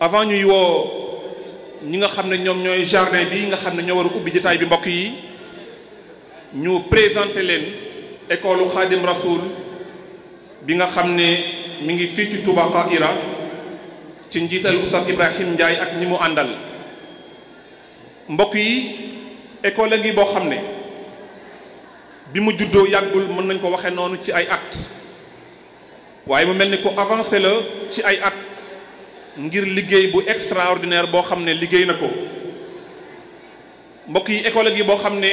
avant ñuy woo ñi nga xam ne ñoom ñooy jardin bi nga xam ne ñoo waru a ubbi jotaay bi mbokk yi ñu présenté leen école Khadim Rasoul bi nga xam ne mu ngi fii ci Touba Qaira ci njiital Oustaz Ibrahim njaay ak ñi mu àndal mbokk yi école a ngi boo xam ne bi mu juddoo yàggul mën nañ ko waxee noonu ci ay at waaye mu mel ni ku avancé la ci ay at ngir liggéey bu extraordinaire boo xam ne liggéey na ko mbokk yi écologue boo xam ne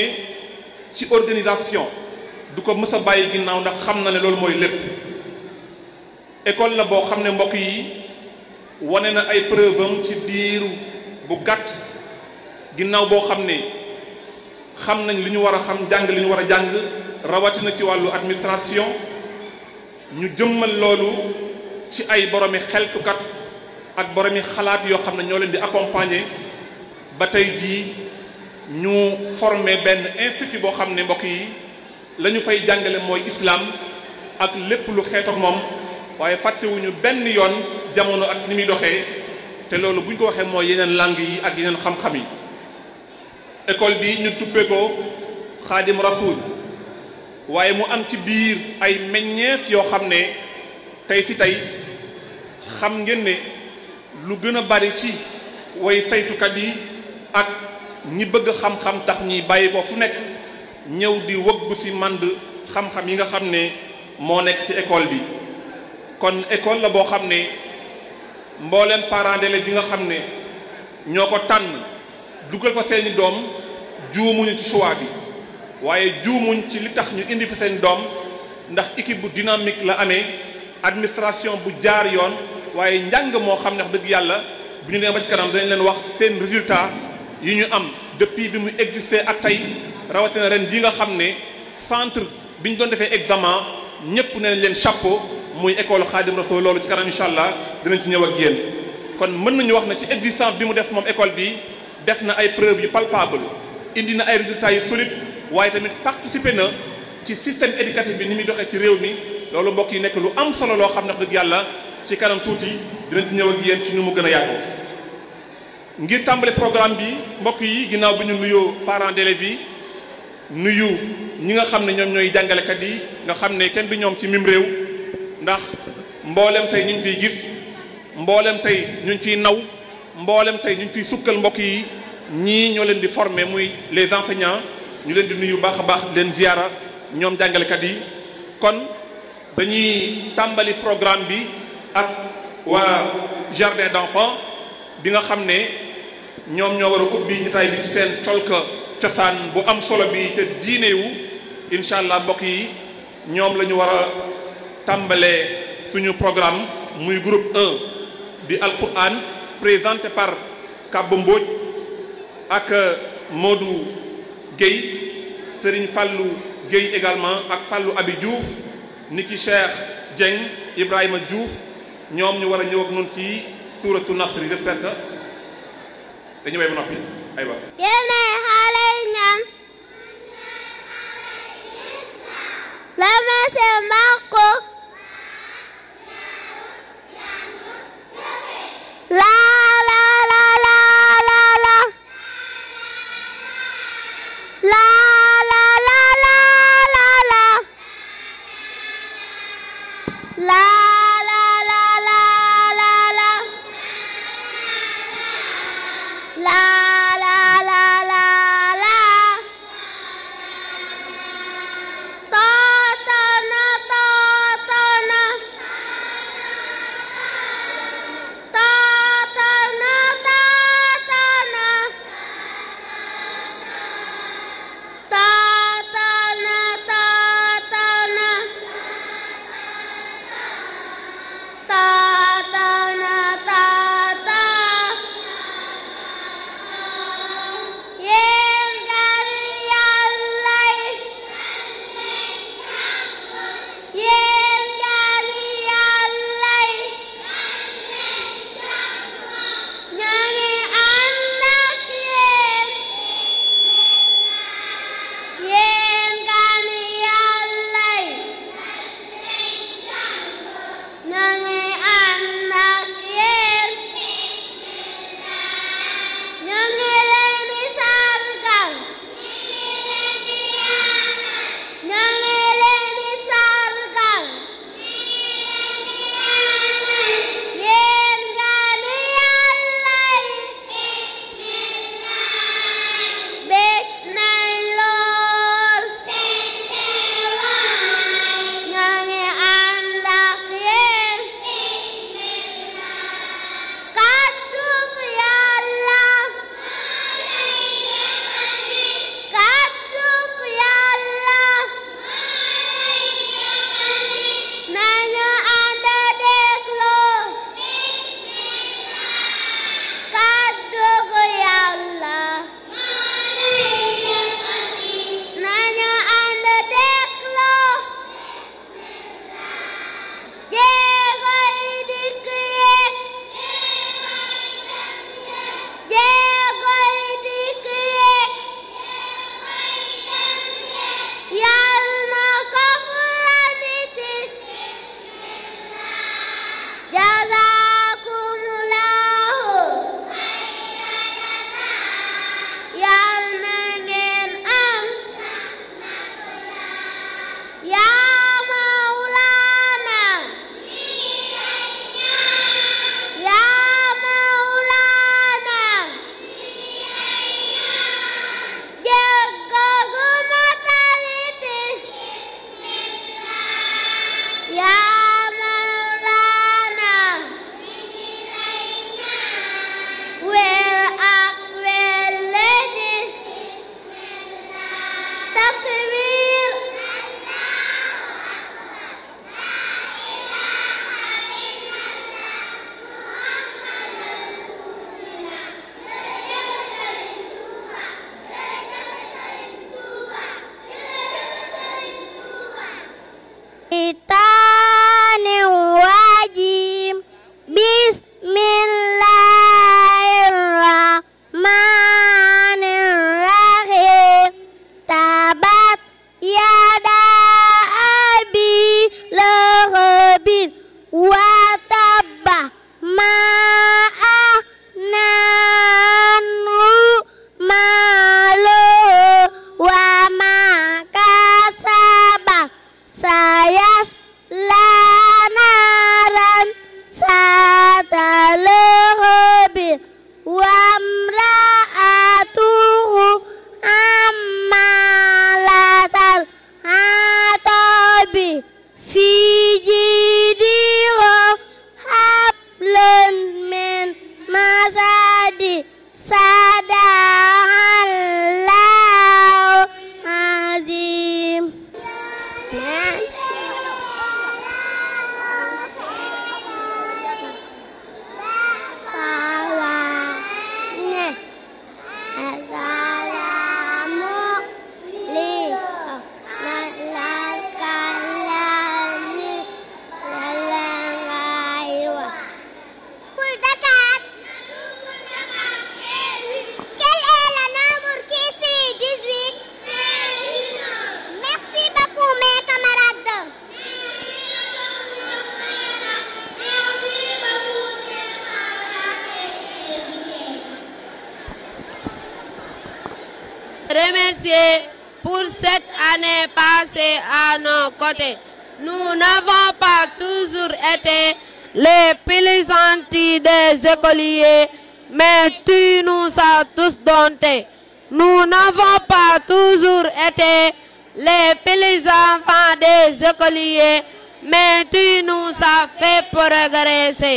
ci organisation du ko mës a bàyyi ginnaaw ndax xam na ne loolu mooy lépp école la boo xam ne mbokk yi wane na ay preuve ci diiru bu gàtt ginnaaw boo xam ne xam nañ li ñu war a xam jàng li ñu war a jàng rawatina ci wàllu administration ñu jëmmal loolu ci ay boromi xeltukat ak boromi xalaat yoo xam ne ñoo leen di accompagner ba tey jii ñu forme benn institut boo xam ne mbokk yi lañu fay jàngale mooy islam ak lépp lu xeet moom waaye fàttewuñu benn yoon jamono ak ni muy doxee te loolu buñ ko waxee mooy yeneen langue yi ak yeneen xam-xam yi école bi ñu tuppee ko xaadim rasul waaye mu am ci biir ay meññeef yoo xam ne tey fi tey xam ngeen lu gën a bari ci woy saytukat yi ak ñi bëgg xam-xam tax ñi bàyyi ko fu nekk ñëw di wëggu ci mànd xam-xam yi nga xam ne moo nekk ci école bi kon école la boo xam ne mbooleem parents d'élèves bi nga xam ne ñoo ko tànn dugal fa seeni doom juumuñu ci choix bi waaye juumuñ ci li tax ñu indi fa seen doom ndax équipe bu dynamique la amee administration bu jaar yoon waaye njàng moo xam ne wax dëgg yàlla bu ñu nee ba ci kanam dañ leen wax seen résultat yi ñu am depuis bi mu existé ak tey rawatina ren jii nga xam ne centre bi ñu doon defee examen ñëpp ne leen chapeau muy école Khadim Rassoul loolu ci kanam incha allah dinañ ci ñëw ak yéen. kon mën nañu wax na ci existence bi mu def moom école bi def na ay preuves yu palpable indi na ay résultats yu solide waaye tamit participer na ci système éducatif bi ni muy doxee ci réew mi loolu mbokk yi nekk lu am solo loo xam ne dëgg yàlla. ci kanam tuuti dinañ ci ñëw ak yéen ci nu mu gën a yaatoo ngir tàmbali programme bi mbokk yi ginnaaw bi ñu nuyoo parents d'élèves nuyu ñi nga xam ne ñoom ñooy jàngalekat yi nga xam ne kenn bi ñoom ci miim réew ndax mboolem tey ñu ngi fiy gis mboolem tey ñu ngi fiy naw mboolem tey ñu ngi fiy sukkal mbokk yi ñii ñoo leen di former muy les enseignants ñu leen di nuyu baax a baax leen ziyaara ñoom jàngalekat yi kon dañuy tàmbali programme bi. ak waa jardin d'enfants bi nga xam ne ñoom ñoo war a ubbi jotaay bi ci seen colka cosaan bu am solo bi te diinewu incha allah mbokk yi ñoom la ñu war a tàmbalee suñu programme muy groupe 1 di alquran présenté par Kaba Mbodj ak Modou Guèye Serigne Fallou Guèye également ak Fallou Abi Diouf niki Cheikh Dieng Ibrahima Diouf ñoom ñu war a ñëw ak nun ci suuratu nasri j'espère que dañu way ba noppi aywa yéen xale ñaan la mese màkko la la la la la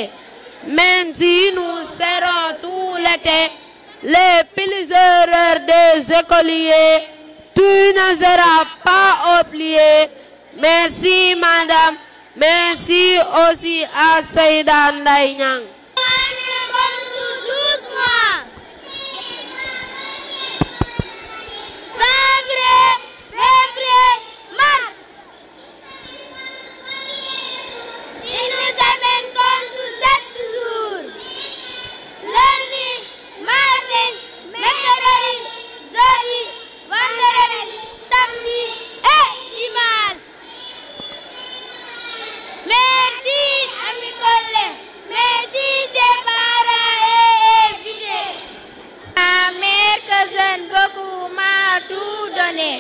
désolé, même si nous serons tout l'été les plus heureux des écoliers, tu ne seras pas oublié. Merci madame, merci aussi à Seyda Nday Niang. jeudi, vendredi, samedi et dimanche. Merci, ami collègue. Merci, chers parents et invités. Ma mère que j'aime beaucoup m'a tout donné.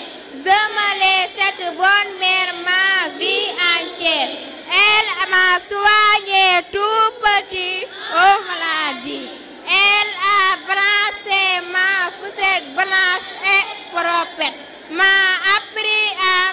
Je me laisse cette bonne mère ma vie entière. Elle m'a soigné Elle a brassé ma fourchette blanche et propre, m'a appris à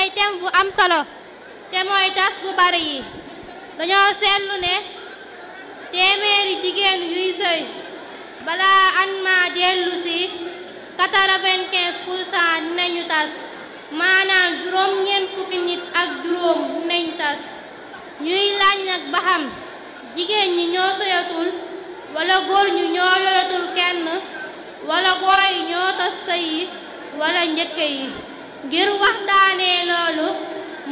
tey thème am solo te mooy tas bu bari yi dañoo seetlu ne téeméeri jigéen yuy sëy balaa an ma dellu si quatre-vingt-quinze pour cent dinañu tas maanaam juróom-ñeent fukki ak juróom dinañ tas ñuy laaj nag jigéen ñi ñoo sëyatul wala góor ñu ñoo yoratul kenn wala goro ñoo tas sëy wala njëkke ngir waxtaanee loolu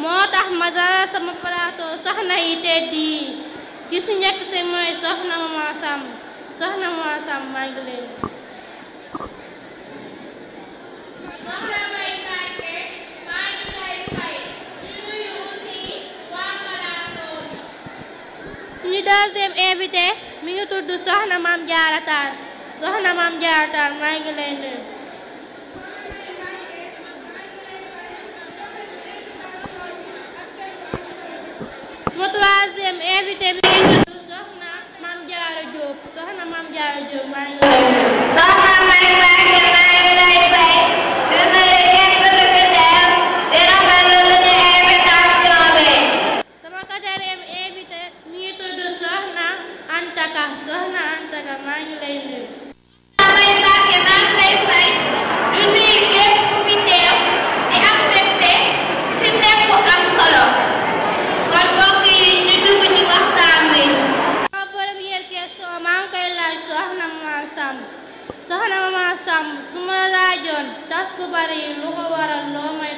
moo tax ma dara sama plateau soxna yi tedd yi ci si njëkk te mooy soxna Mama Samb soxna Mama Samb maa ngi leen soxna may Mbàkke waa plateau bi suñu deuxième invité mi ngi tudd soxna Maam Jaara soxna Maam Jaara Taal maa ngi sama troisième invité bi soxna Mame Diarra Diop soxna Mame Diarra Diop maa ngi laaj ku bari yi lu ko waral loo may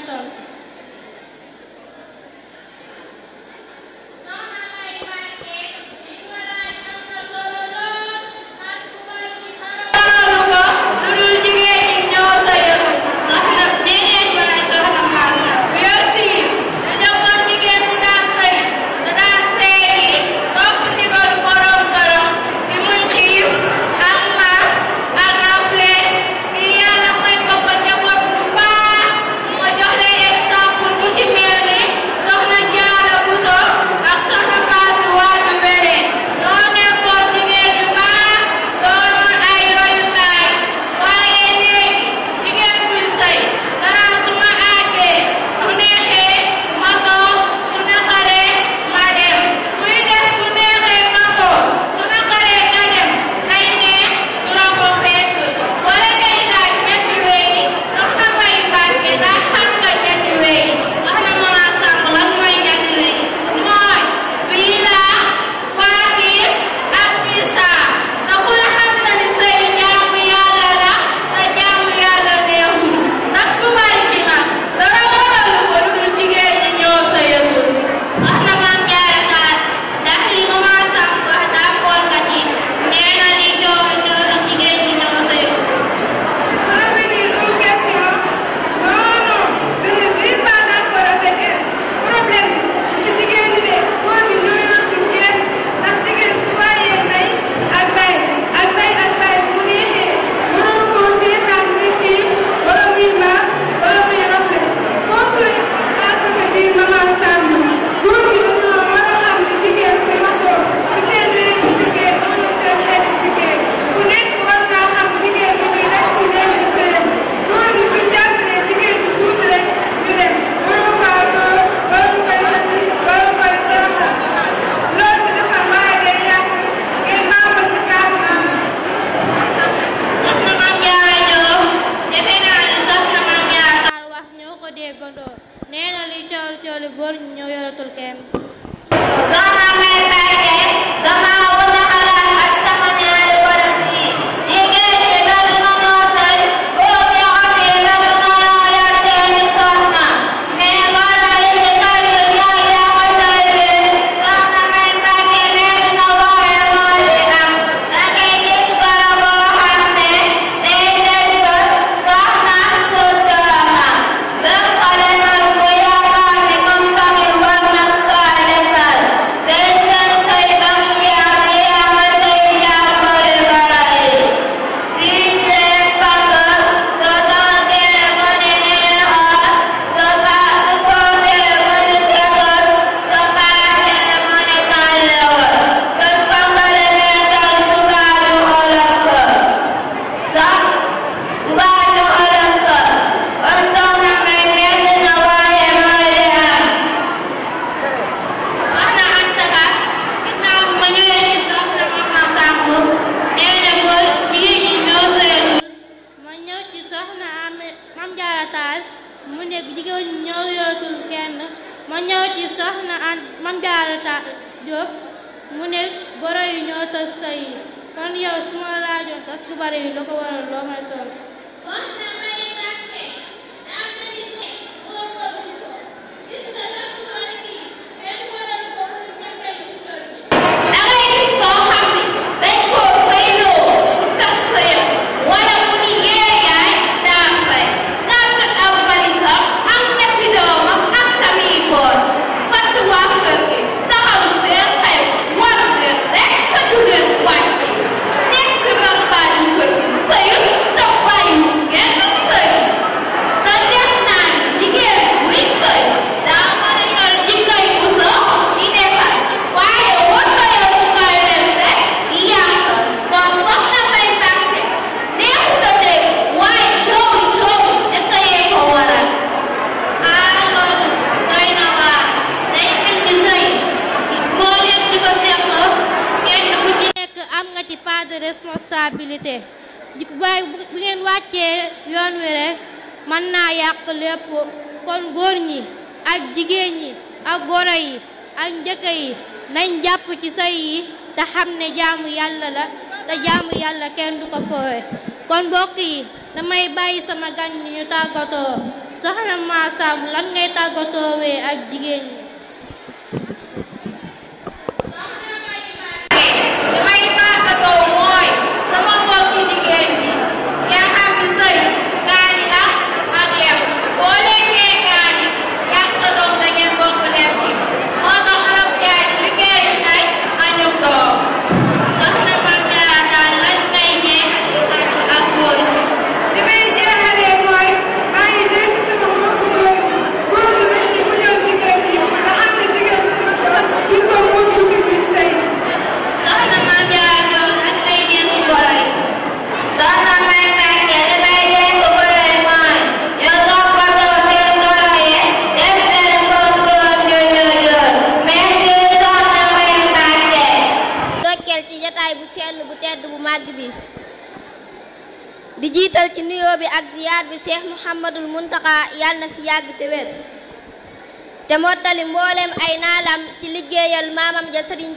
la sëriñ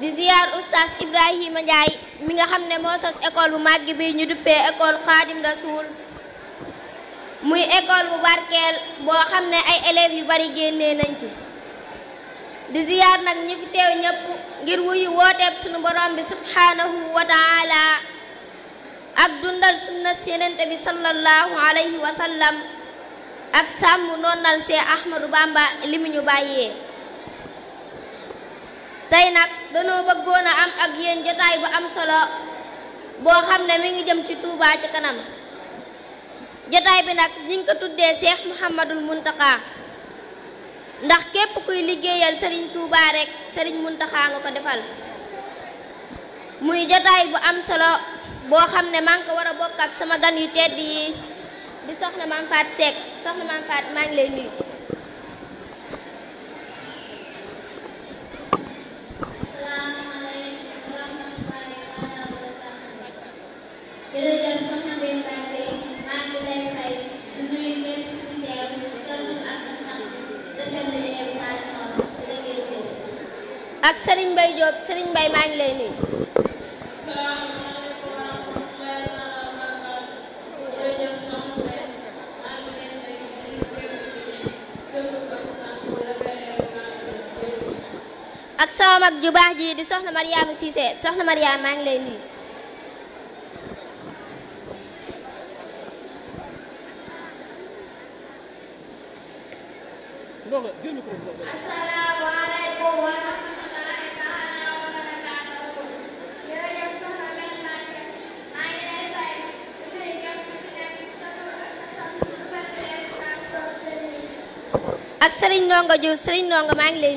di ziyaar oustaz ibrahima ndiaye mi nga xam ne moo sos école bu màgg bi ñu duppee école xaadim rasul muy école bu barkeel boo xam ne ay élèves yu bari génnee nañ ci di ziyaar nag ñi fi teew ñëpp ngir wuyu wooteeb sunu borom bi subhanahu wa ak dundal sunna si yenente bi sallallahu alayhi wa ak sàmm nonnal see Ahmadou Bamba li mu ñu bàyyee tey nag danoo bëggoon am ak yéen jotaay bu am solo boo xam ne mi ngi jëm ci Touba ci kanam jotaay bi nag ñi ngi ko tuddee Cheikh Mouhamadul Mountakha ndax képp kuy liggéeyal Serigne Touba rek sëriñ Mountakha nga ko defal muy jotaay bu am solo boo xam ne man ko war a bokk ak sama gan yu tedd yi di soxna maam Faat Seck soxna maam Faat maa ngi lay ak Serigne Mbaye Diop Serigne Mbaye maa ngi ak sama mag ju ji di soxna Mariama Cissé soxna Mariama maa ngi lay nuyu. Ndongo Diouf Serigne Ndongo maa lay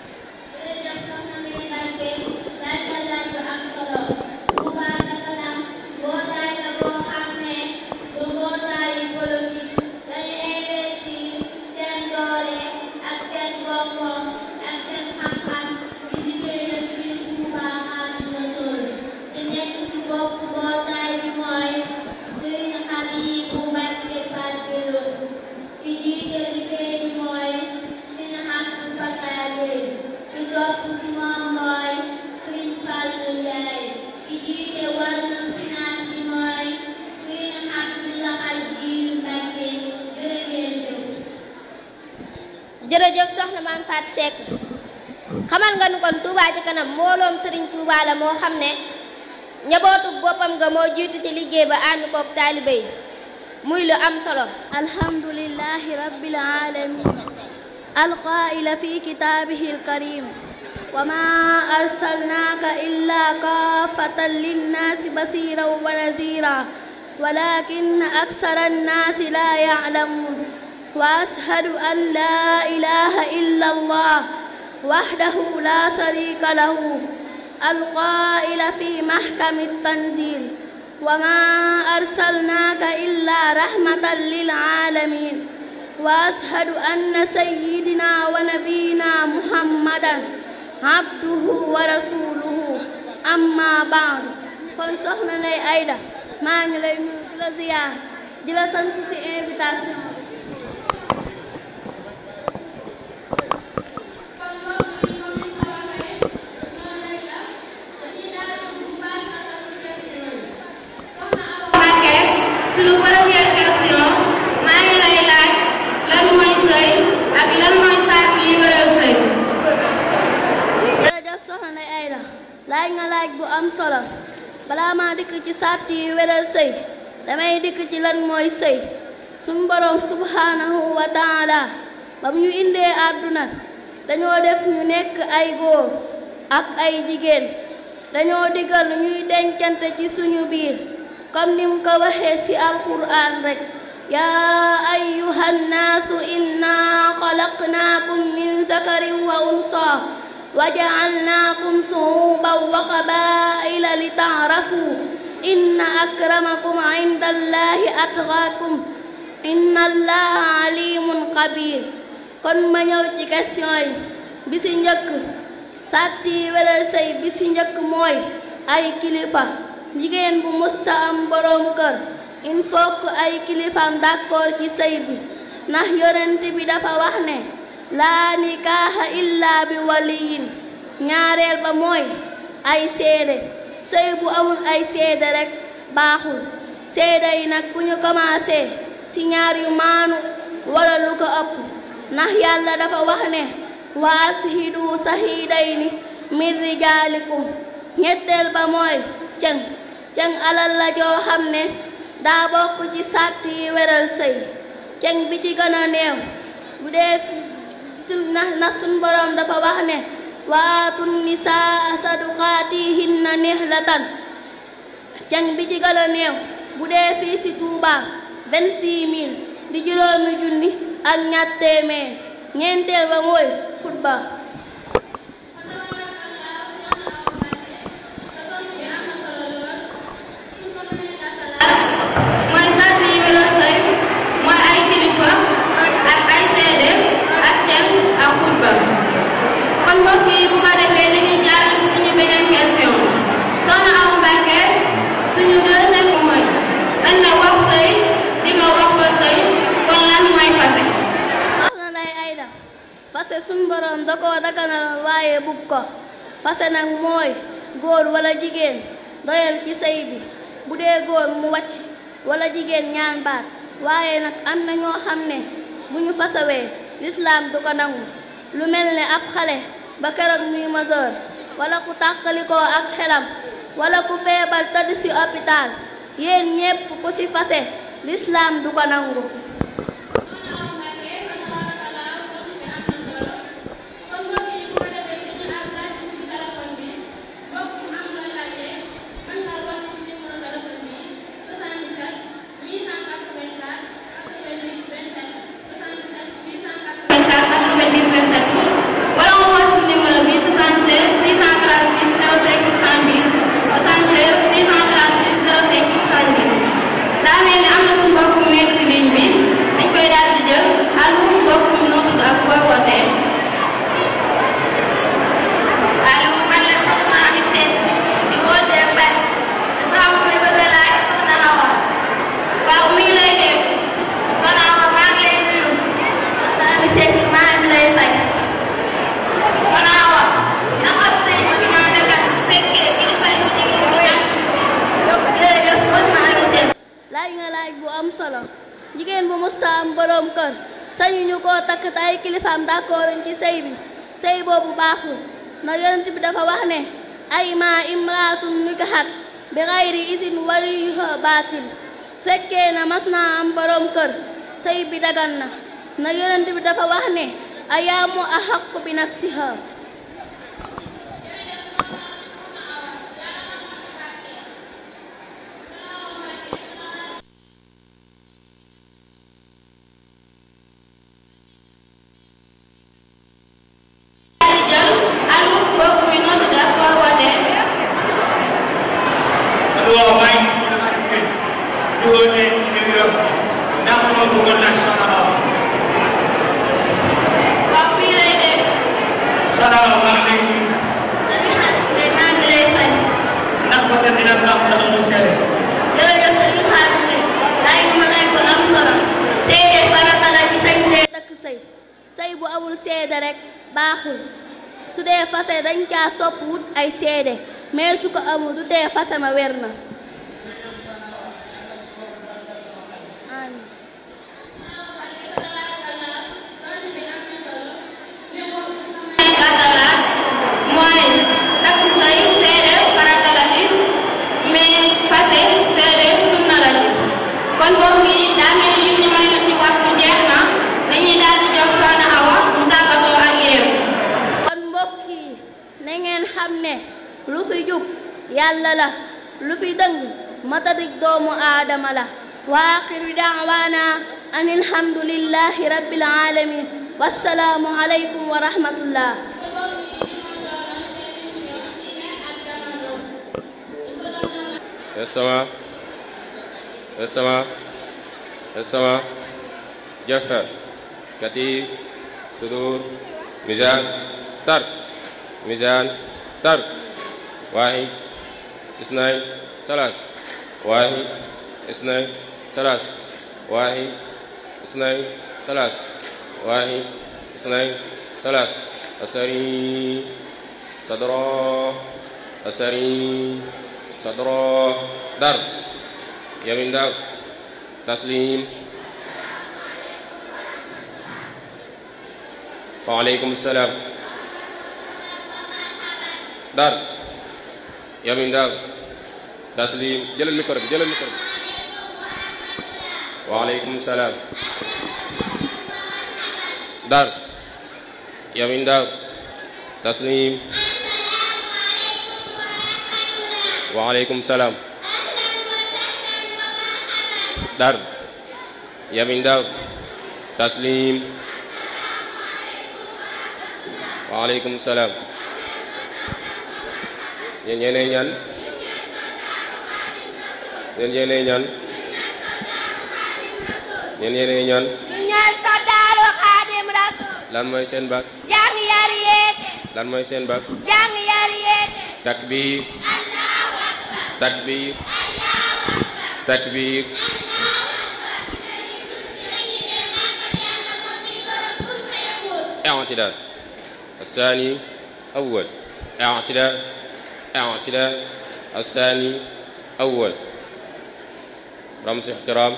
Tuubaa la moo xam ne njabootu boppam nga moo jiitu ci liggéey ba ànd koog taalibe yi muy lu am solo alhamdulillahi rabbil alamin alqaa'ila fi kitaabihi alkarim wa maa arsalnaaka illa kaafatan linnaasi basiran wa nadira walakin aksara annaasi laa ya'lamuun wa ashhadu an laa ilaaha illa allah wahdahu laa shariika lahu القائل في محكم التنزيل وما أرسلناك إلا رحمة للعالمين وأشهد أن سيدنا ونبينا محمدا عبده ورسوله أما بعد kon soxna Ndeye Aida maa ngi lay nuyu di la ziyaar di la sant ci invitation balaa maa dikk ci sàtt yi sëy damay dikk ci lan mooy sëy suñu boroom subhaanahu wa taala ñu indee àdduna dañoo def ñu nekk ay góor ak ay jigéen dañoo digal ñuy dencante ci suñu biir comme ni mu ko waxee ci alquran rek yaa ayyuhan naasu inna xalaqnaakum min zakarin wa unsaa وجعلناكم شعوبا وقبائل لتعرفوا إن أكرمكم عند الله أتقاكم إن الله عليم خبير kon ma ñëw ci question bi si njëkk sàtt yi wéral bi si njëkk mooy ay kilifa jigéen bu musta am boroom kër il faut ay kilifaam d'accord ci sëy bi ndax yorent bi dafa wax ne laa nikaaha illaa bi waliyin ñaareel ba mooy ay seede sëy bu amul ay seede rekk baaxul seede yi nag ñu commencé si ñaar yu maanu wala lu ko ëpp yàlla dafa wax ne wa ashidu sahidayni min rijaalikum ñetteel ba mooy cëng cëng alal joo xam ne daa bokk ci sàtt yi wéral sëy cëng bi ci gën a néew sun ndax sun borom dafa wax ne waatu nisaa saduqaatihinna nihlatan can bi ci a néew bu dee fii si Touba vingt-six di juróomi junni ak ñaar téeméer ñeenteel ba mooy xutba ndaxte suñ borom da koo daganaloon waaye bugg ko fase nag mooy góor wala jigéen doyal ci sëy bu dee góor mu wàcc wala jigéen ñaan baat waaye nag am nañoo xam ne bu ñu fasawee lislaam du nangu lu mel ne ab xale ba keroog muy majeur wala ku ko ak xelam wala ku feebar tëdd ci hôpital yéen ñépp ku ci fase lislaam du ko nangu yàlla la lu fi dëng matadik doomu aadama la wa axiru daawaana an alhamdulillahi rabbil alamin wassalaamu aleykum wa rahmatullah السماء السماء السماء جفا كتيب صدور ميزان ترك ميزان ترك واحد اثنان ثلاث واحد اثنان ثلاث واحد اثنان ثلاث واحد اثنان ثلاث أسري صدرا أسري صدرا ضرب يمين ضرب تسليم وعليكم السلام ضرب يمين ضرب daa si li jëlal micro bi jëlal micro bi waaleykum salaam daar yamin daar taslim waaleykum salaam dar yamin daar taslim waaleykum salaam ñeneen ñaan ñeen yéenay ñaan ñeen yéenay ñaan ñu ñaan soldaaru xaadim rasul lan mooy seen baat jàng yar yéete lan mooy seen baat jàng yar yéete takbir allahu akbar takbir takbir اعتدال الثاني أول اعتدال اعتدال الثاني أول رمز احترام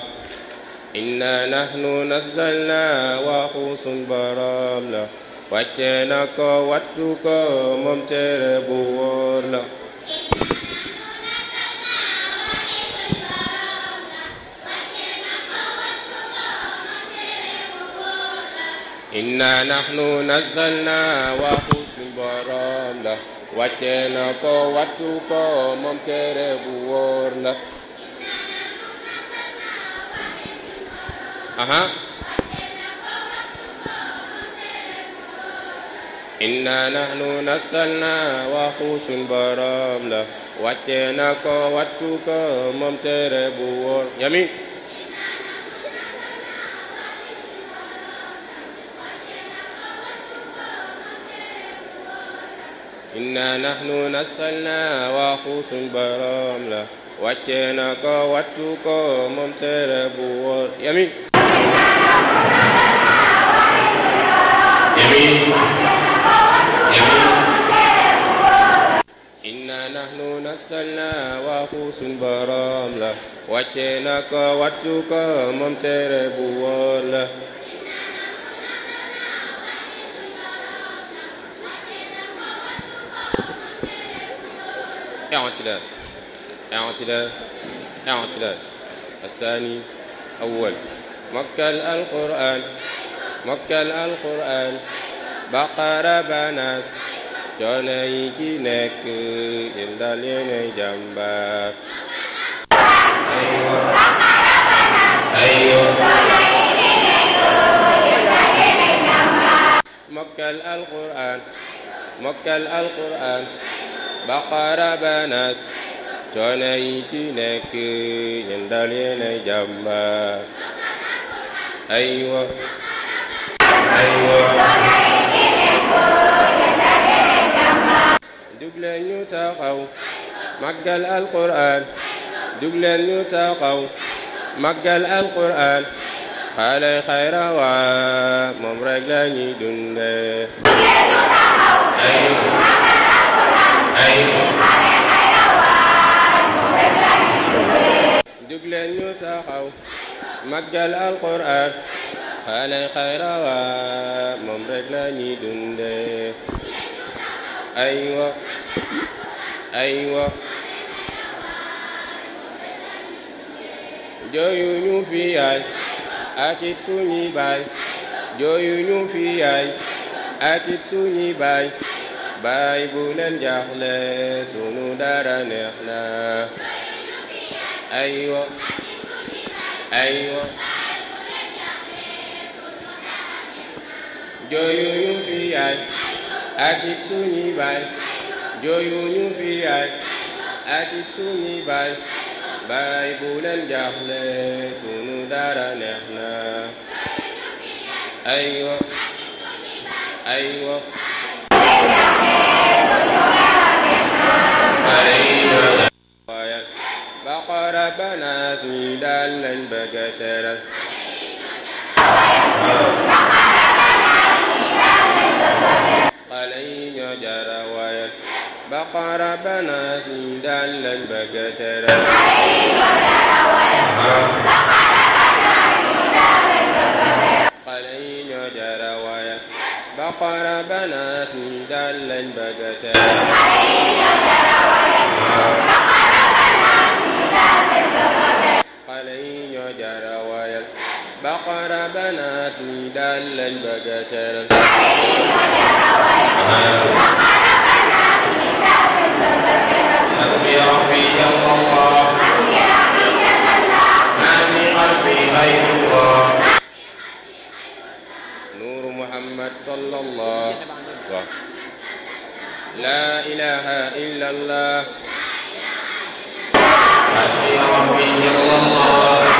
إنا نحن نزلنا وخوص براملا واتناك واتوك ممتر بورلا إنا نحن نزلنا وخوص براملا واتناك واتوك ممتر بورلا aha inna nahnu nasalna wa xuusun borom la wàcce na ko wattu ko moom tere bu wóor yami inna nahnu nasalna wa xuusun borom la wàcce na ko wattu ko moom tere bu wóor yami يمين يمين إنا نحن نسلنا وخوص برام لا واتيناك واتوك ممتر بوال اعتدال اعتدال اعتدال الثاني أول مكة القرآن mokkal alquran baqara banaas coono yi ci nekk indal yeneen jàmbaar mokkal alquran mokkal alquran baqara banaas coono yi ci nekk indal yeneen jàmbaar aywa jugleen ñu taxaw màggal alquran jugleen ñu taxaw màggal alquran xaale xayra waa moom rek la taxaw màggal alquran xale xayrawa moom rek la ñuy dunde ay wa ay wa jooyu ñu fi yaay akit suñuy baay jooyu ñu fi yaay akit suñuy baay baay bu leen jaaxle sunu dara neex na ay wa ay wa jooyu ñu fi yaay ak it suñuy baay jooyu ñu fi yaay ak leen jaaxle sunu dara neex na aywa lañ bëgg a علي جروت بقر بنات دلت بكتر علي جروت بقر علي جروت بقر بنات دلت بكتر علي جروت بقر أقربنا سيدا للبقتر حسبي ربي جل الله ما في قلبي غير الله نور محمد صلى الله لا إله إلا الله حسبي ربي جل الله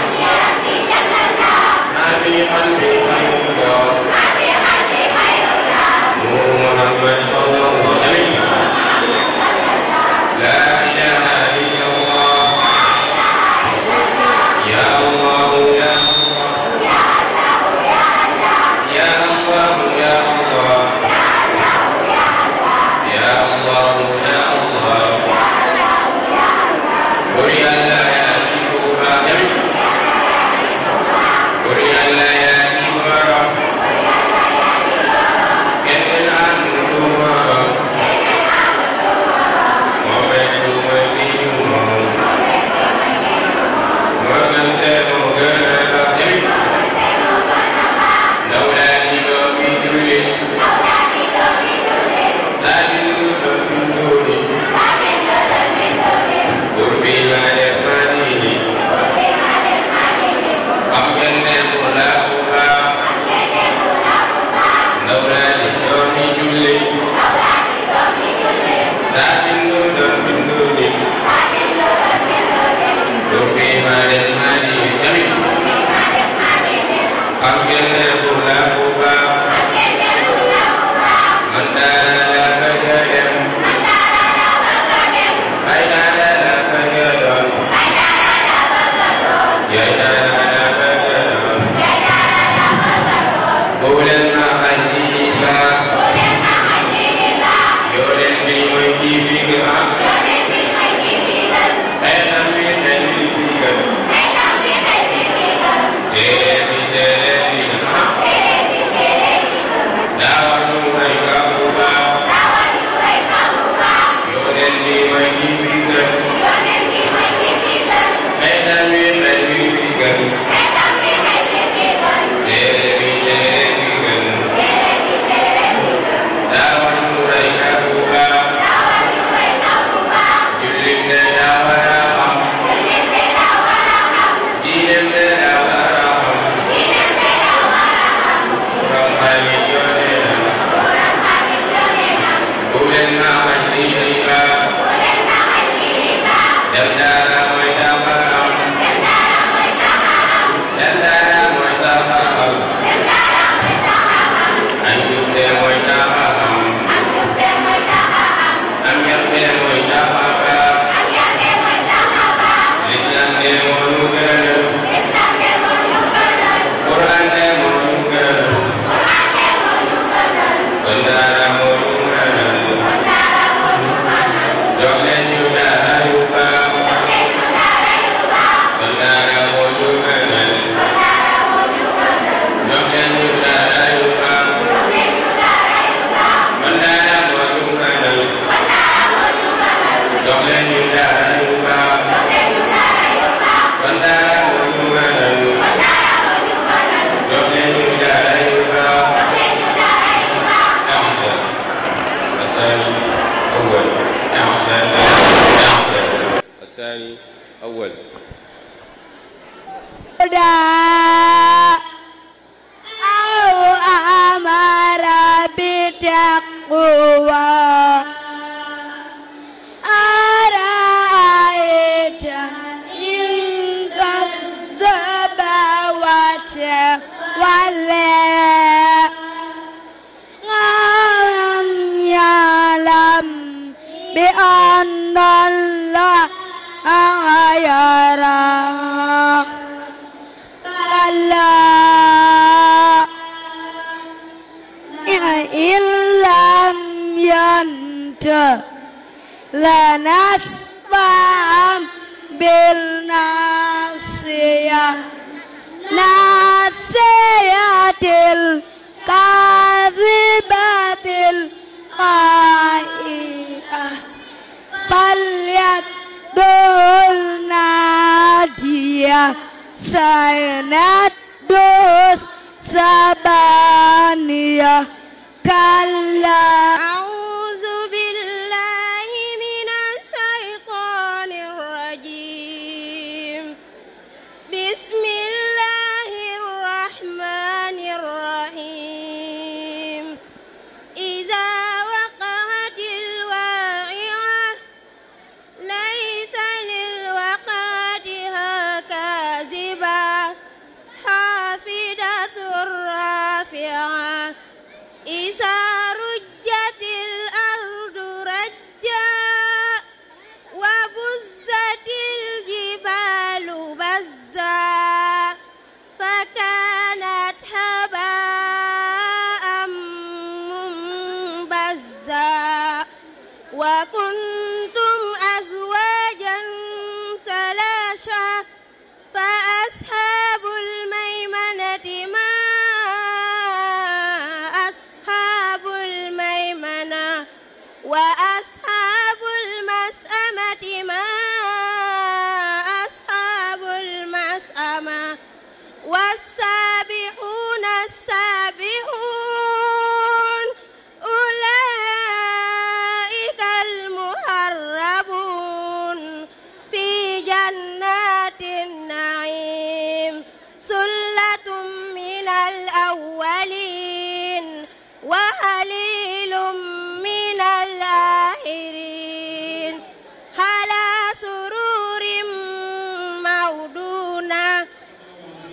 محمد صلى الله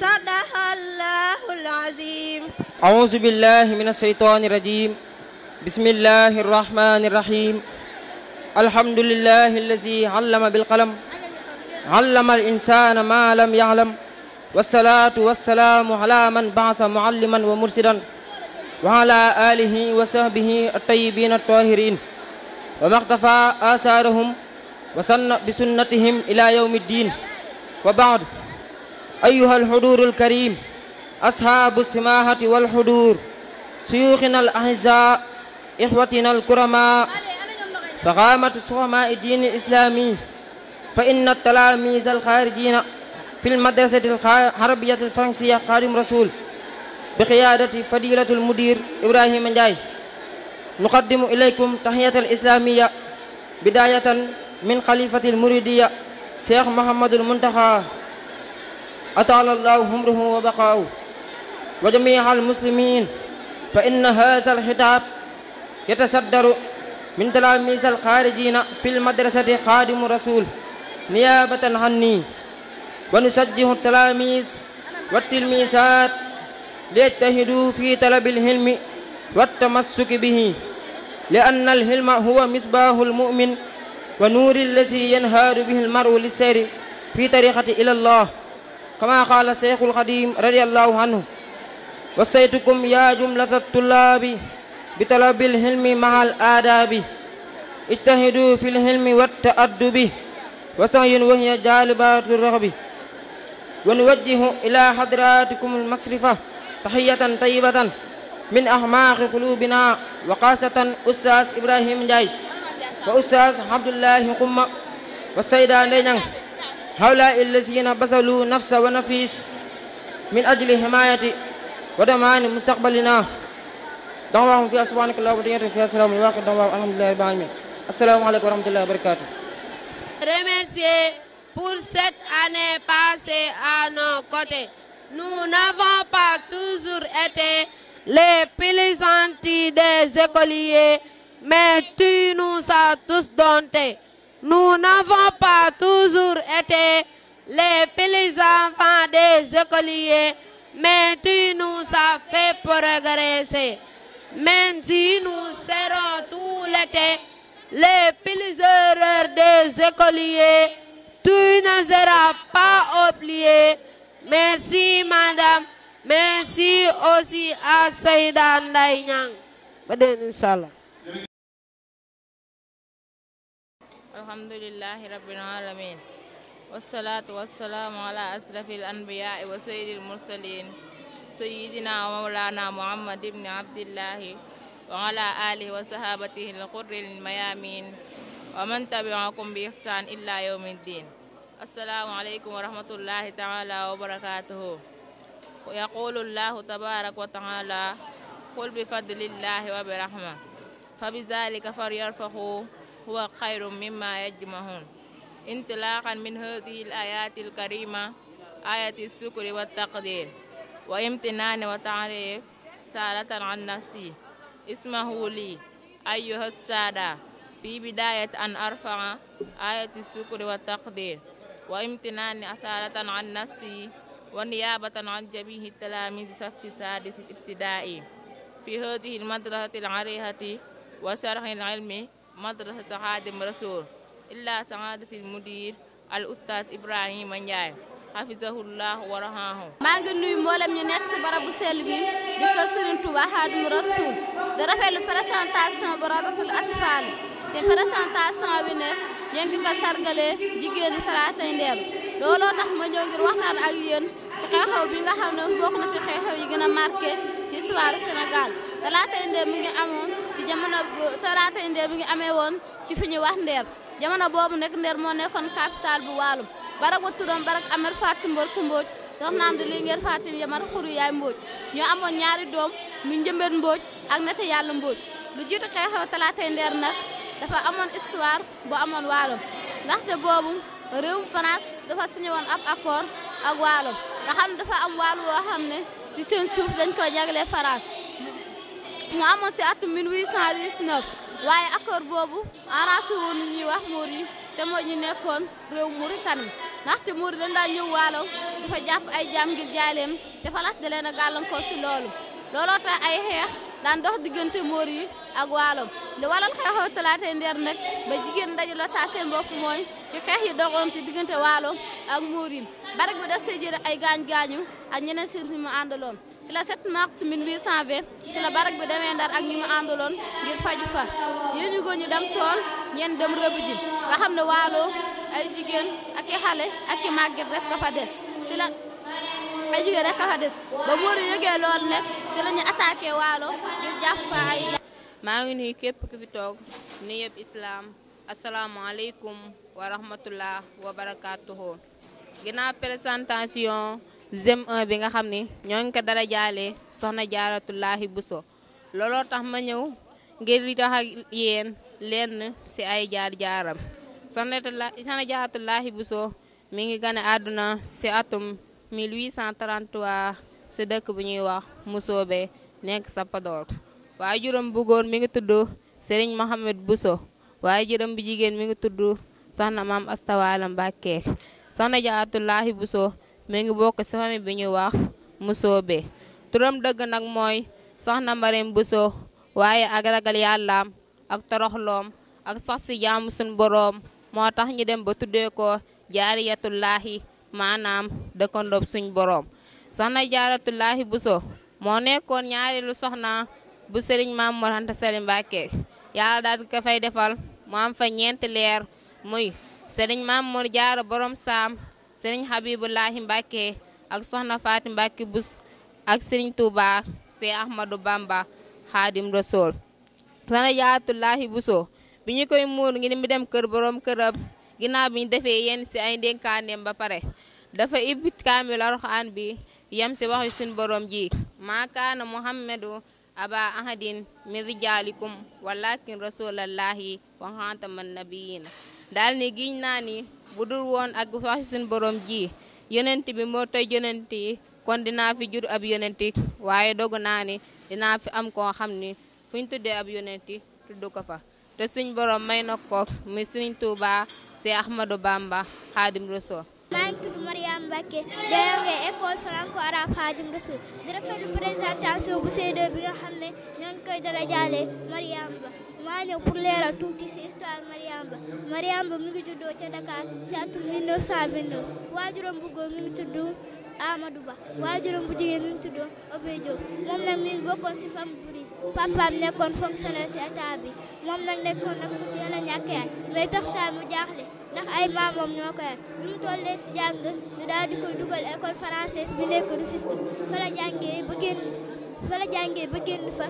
صدق الله العظيم أعوذ بالله من الشيطان الرجيم بسم الله الرحمن الرحيم الحمد لله الذي علم بالقلم علم الإنسان ما لم يعلم والصلاة والسلام على من بعث معلما ومرسلا وعلى آله وصحبه الطيبين الطاهرين وما اقتفى آثارهم وسن بسنتهم إلى يوم الدين وبعد أيها الحضور الكريم أصحاب السماحة والحضور شيوخنا الأعزاء إخوتنا الكرماء فقامة سفهاء الدين الإسلامي فإن التلاميذ الخارجين في المدرسة الحربية الفرنسية خادم رسول بقيادة فضيلة المدير إبراهيم نجاي نقدم إليكم تحية الإسلامية بداية من خليفة المريدية شيخ محمد المنتخى أطال الله عمره وبقاؤه وجميع المسلمين فإن هذا الخطاب يتصدر من تلاميذ الخارجين في المدرسة خادم رسول نيابة عني ونسجه التلاميذ والتلميذات ليجتهدوا في طلب العلم والتمسك به لأن العلم هو مصباح المؤمن ونور الذي ينهار به المرء للسير في طريقة إلى الله كما قال الشيخ القديم رضي الله عنه وصيتكم يا جملة الطلاب بطلب العلم مع الآداب اجتهدوا في العلم والتأدب وسعي وهي جالبات الرغب ونوجه إلى حضراتكم المصرفة تحية طيبة من أعماق قلوبنا وخاصة أستاذ إبراهيم جاي وأستاذ عبد الله قمة والسيدة نيجان هؤلاء الذين بذلوا نفس ونفيس من أجل حماية وضمان مستقبلنا دعواهم في سبحانك اللهم وبحمدك في السلام الواخر دعواهم الحمد لله رب العالمين السلام عليكم ورحمة الله وبركاته Remercier pour cette année passée à nos côtés. Nous n'avons pas toujours été les plaisantis des écoliers, mais tu nous as tous dotés. Nous n'avons pas toujours été les petits enfants des écoliers, mais tu nous as fait progresser. Même nous serons tout l'été les petits erreurs des écoliers, tu ne seras pas oublié. Merci madame, merci aussi à Seyda Ndiaye Niang. alhamdulillahi rabbil alamin wasalaatu wasalaamu ala asrafil anbiyaai wa sayyidil mursalin sayyidina wa mawlana muhammad ibni abdillahi wa ala alihi wa sahabatihi alqurril mayamin wa man tabiakum bi ihsan illa yawmiddin assalaamu aleykum wa rahmatullahi taala wa barakatuhu yaqulu llahu tabaraka wa taala qul bi fadlillahi wa bi rahma fa bi zalika falyarfahu huwa xayrun mimma yajmahuun intilaqan min haadihi al-aayaati al-karima aayati sukri wa taqdir wa imtinaani wa taarif saaratan an nafsi ismahu lii ayyuha saada fi bidayat an arfaa aayati sukri wa taqdir wa imtinaani asaaratan an nafsi wa niyaabatan an jabihi talaamizi safi saadis ibtidaai fi haadihi al-madrasati al-arihati wa sharhi al-ilmi madrasatu xaadim rasul illa saadatil mudir al ustaz ibrahima ndiaye hafizahullah wa rahahu maa ngi nuyu mboolem ñu nekk si barabu sell bi di ko sëriñ xaadim rasul di rafetlu présentation bu rabatul atfal si bi ne ñoo ngi ko sargalee jigéenu Talaatay Ndeer looloo tax ma ñëw ngir waxtaan ak yéen ci xew-xew bi nga xam ne bokk na ci xew-xew yi gën a marqué ci histoire Sénégal Talaatay Ndeer mi ngi amoon ci jamono talaata mi ngi amee woon ci fi ñuy wax ndeer jamono boobu nekk ndeer moo nekkoon capital bu waalum barak wa turam barak amar fatu mbor su mbooj am di li ngeen fatim yamar xuru yaay mbooj ñoo amoon ñaari doom mu njëmbët mbooj ak nete yàlla mbooj lu jiitu xew-xew talaata ndeer nag dafa amoon histoire bu amoon waalum ndaxte boobu réewum France dafa signé woon ab accord ak waalum nga dafa am waalu woo xam ne ci seen suuf dañ ko jagle France mu amoon si atum 1819 waaye accord boobu arrangé woon ñuy wax muur yi te moo ñu nekkoon réew Mauritanie ndaxte muur dañ daan ñëw waalo dafa jàpp ay jaam ngir jaay leen te falas da leen a gàllankoor si loolu looloo tax ay xeex daan dox diggante moor yi ak waalo li waral xeexoo talaatay ndeer nag ba jigéen dajaloo taa seen bopp mooy ci xeex yi doxoon si diggante waalo ak moor yi barak bi daf see jële ay gaañ-gaañu ak ñeneen si ñu mu àndaloon set la 7 mars 1820 ci la barak bi demee ndar ak ñi mu àndaloon ngir fa yéen ñu ko ñu dem tool ñeen dem rëbb ji nga xam ne waalo ay jigéen ak i xale ak i màgget rek ka fa des ci ay jigéen rek fa des ba Mor yëgee loolu nag si la ñu waalo ngir jàpp maa ngi nuyu képp ku fi toog ni yëpp islaam asalaamaaleykum wa rahmatullah wa barakaatuhu ginnaaw présentation zem 1 bi nga xam ni ñoo ngi ko dara jaale soxna jaaratullaahi buso looloo tax ma ñëw ngir di tax ak yéen si ay jaar jaaram soxna jaaratullaahi buso mi ngi gane àdduna si atum 1833 si dëkk bu ñuy wax Musoobe nekk sa Padoor waajuram bu góor mi ngi tudd Serigne Mohamed Bousso waajuram bu jigéen mi ngi tudd soxna maam Astawaala Mbàkke soxna Jaatulaahi Bousso mi ngi bokk si famille bi ñuy wax Musoobe turam dëgg nag mooy soxna Mareem Bousso waaye ak ragal ak toroxloom ak sax si jaamu sun boroom moo tax ñu dem ba tuddee ko jaariyatullaahi maanaam dëkkandoob suñ boroom soxna jaaratullaahi buso moo nekkoon ñaareelu soxna bu sëriñ maam Mor Anta Sali Mbàkke yàlla daal ko fay defal mu am fa ñeenti leer muy sëriñ maam Mor jaara borom saam sëriñ Habibullaahi Mbàkke ak soxna Faati Mbàkke bus ak sëriñ Tuubaa see Ahmadu Bamba Xaadim Rasuul soxna buso bi ñu ngi ni dem kër borom këram ginnaaw bi defee yenn si ay ndénkaaneem ba pare dafa ibbit kaamil alxuraan bi yem si waxu suñu borom ji ma kaana muhammadu aba ahadin min rijaalikum walakin rasulallaahi wa xaatama nabiyiina daal ni giñ naa ni bu dul woon ak waxi suñu borom ji yonent bi moo tey yonent kon dinaa fi jur ab yonent waaye dogu naa ni dinaa fi am koo xam ni fu ñu tuddee ab yonent tudd fa te suñ borom may na ko muy Sëriñ si Ahmadou Bamba Xaadim Rasul maa ngi tudd Mariam Mbacke jàngee école franco arabe Xaadim Rasul di rafetlu présentation bu CDE bi nga xam ne ñoo koy dara jaale Mariam Ba maa ñëw pour leeral tuuti si histoire Mariam Ba Mariam Ba mi ngi juddoo ca Dakar si atum 1929 waajuram bu góor mi ngi tudd Amadou Ba waajuram bu jigéen bi mu moom nag mi bokkoon si famille bu papaam nekkoon fonctionnaire si état bi moom nag nekkoon nag ku teel a yaay mais taxtaan mu jaaxle ndax ay maamoom ñoo ko bi mu tollee si jàng ñu daal di dugal école française bi nekk Rufisque fa la ba génn fa la jàngee ba génn fa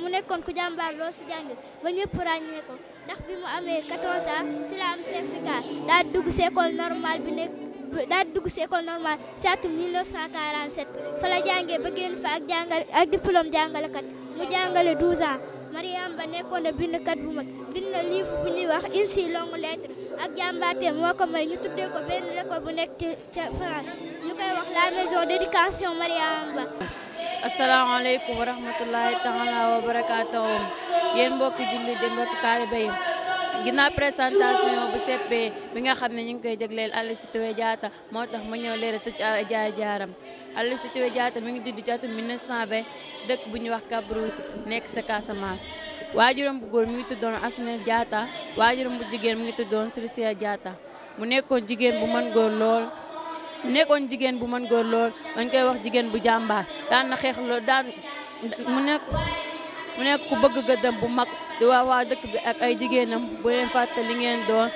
mu nekkoon ku jàmbaar lool si jàng ba ñëpp ràññee ko ndax bi mu amee 14 ans si la am certificat daal bi nekk. daal di dugg si école normale si atum 1947 fa la jàngee ba génn fa ak jàngale ak diplôme jàngalekat mu jàngale 12 ans Mariam nekkoon na bindkat bu mag bind na livre bu ñuy wax une longue lettre ak jàmbaatee moo ko may ñu tuddee ko benn école bu nekk ca France ñu koy wax la maison d'éducation Mariam Ba. asalaamaaleykum wa rahmatulahi taala wa barakaatuhu yéen mbokki julli di mbokki taaliba yi ginnaaw présentation bu CP bi nga xam ne ñu ngi koy jagleel Aline Sitoé jaata moo tax ma ñëw leeral tëj jaar jaaram Aline Sitoé jaata mi ngi judd ci atum 1920 dëkk bu ñu wax Cabrousse nekk sa Casamance waajuram bu góor mi ngi tuddoon Asne Diatta waajuram bu jigéen mi ngi tuddoon Sirisia jaata mu nekkoon jigéen bu mën góor lool mu nekkoon jigéen bu mën góor lool dañ koy wax jigéen bu jàmbaar daan na xeex lool daan mu nekk mu nekk ku bëgg gëddam bu mag di waa dëkk bi ak ay jigéenam bu leen fàtte li ngeen doon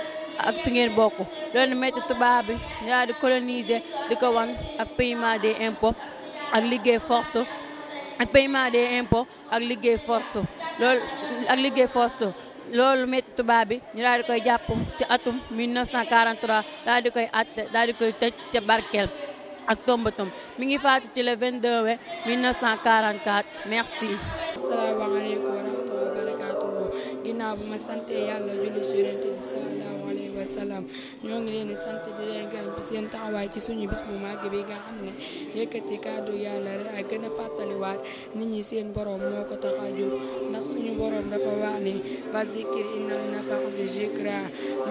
ak fi ngeen bokk loolu metti tubaab bi daal di coloniser di ko wan ak paiement des impôts ak liggéey force ak paiement des ak liggéey force loolu ak liggéey force loolu metti tubaab bi ñu daal di koy jàpp ci atum 1943 daal di koy àtte daal di koy tëj ca Barkel ak Tombouctou mi ngi faatu ci le 22 mai 1944 merci. asalaamaaleykum wa rahmatulah wa barakaatuhu ginnaaw bu ma sante yàlla julli ci yonent bi wa ñoo ngi leen di sant di leen gërëm ci seen taxawaay ci suñu bis bu màgg bi nga xam ne yëkkati kàddu yàlla rek ak gën a fàttaliwaat ni ñi seen boroom moo ko tax a ndax suñu borom dafa wax ni ba zikir innal nafaxati zikra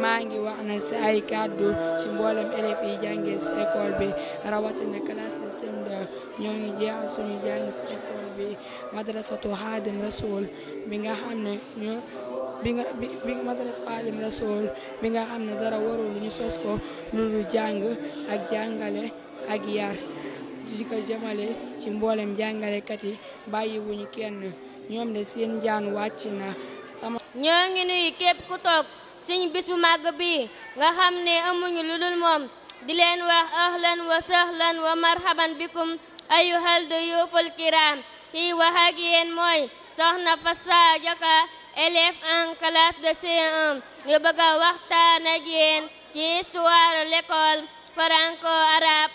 maa ngi wax na si ay kàddu ci mboolem élèves yi jàngee si école bi rawatina classe de CM2 ñoo ngi jeexal suñu jàng si école bi madrasatu xaadim rasul bi nga xam ne ñoo bi nga bi nga madrasa Xaadimu bi nga xam ne dara warul lu ñu sos ko loolu jàng ak jàngale ak yar di ko ci mboolem jàngalekat yi bàyyiwuñu kenn ñoom de seen jaan wàcc na. ñoo ngi nuyu képp ku toog suñu bis bu màgg bii nga xam ne amuñu lu dul moom di leen wax ahlan wa sahlan wa marhaban bikum ayyuhal duyuuful kiraam kii wax ak yéen mooy soxna Fassa Jaka élèves en classe de CE1 ñu bëgg waxtaan ak yéen ci histoire l'école franco-arabe